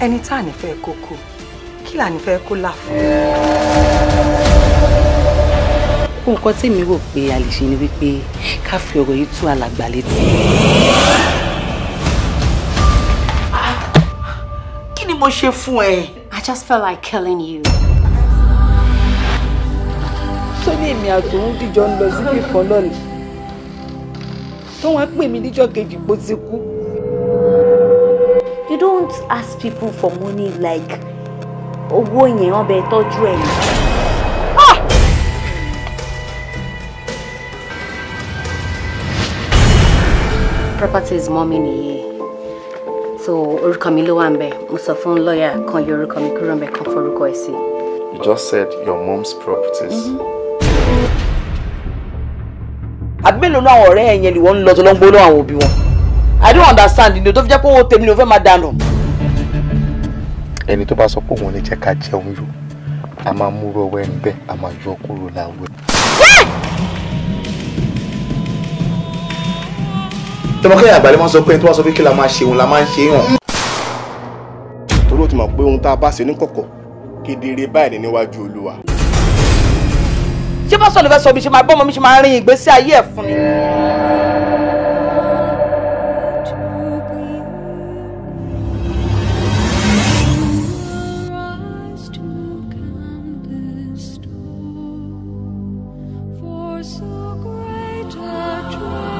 ẹni tá à fẹ́ kó kú kí là ní fẹ́ kó là fún. nǹkan tèmi rò pé a lè ṣe ni wípé ká fi ọ̀rọ̀ yìí tú alàgbà létí. kí ni mo ṣe fún ẹ. I just felt like killing you. tó ní èmi àtòun dìjọ ń lọ síbì kan lọ́la tó wọ́n pè mí níjọ́ kejì bó ti kú don't ask people for money like owó yẹn wọn bẹ tọ́jú ẹ̀ nìyẹn. Ah! properties mọ́mí nìyí so orúkọ mi ló wà ń bẹ mo sọ fún lọ́ọ̀yà kan yọ orúkọ mi kúrò ń bẹ kan forúkọ ẹ̀ sí. you just said your mom's properties. Mhm. àbí mélòó náà àwọn ọ̀rẹ́ ẹ̀yẹn ni wọ́n ń lọ tó lọ́n gbóló àwọn òbí wọn. I don't understand ni o tó fi jẹ́ pé owó tèmi ni o fẹ́ máa dànù. ẹni tó bá sọ pé òun lè jẹ́ ká jẹun yó a máa múrò ọwọ́ ẹni bẹ́ẹ̀ a máa yọ kúrò láwùjọ. tọmọkẹ́yà àgbàlẹ́ máa sọ pé ẹni tó bá sọ pé kí la máa ṣe òun la máa ń ṣe é hàn. torí o ti mọ̀ pé ohun tá a bá ṣe níkọ̀kọ̀ kedere báyìí níwájú olúwa ṣé bá sọ̀rọ̀ fẹ́ sọ mi ṣe máa bọ́ ọmọ mi ṣe máa rin ìgbésí ayé ẹ̀ fún mi. so great a treasure.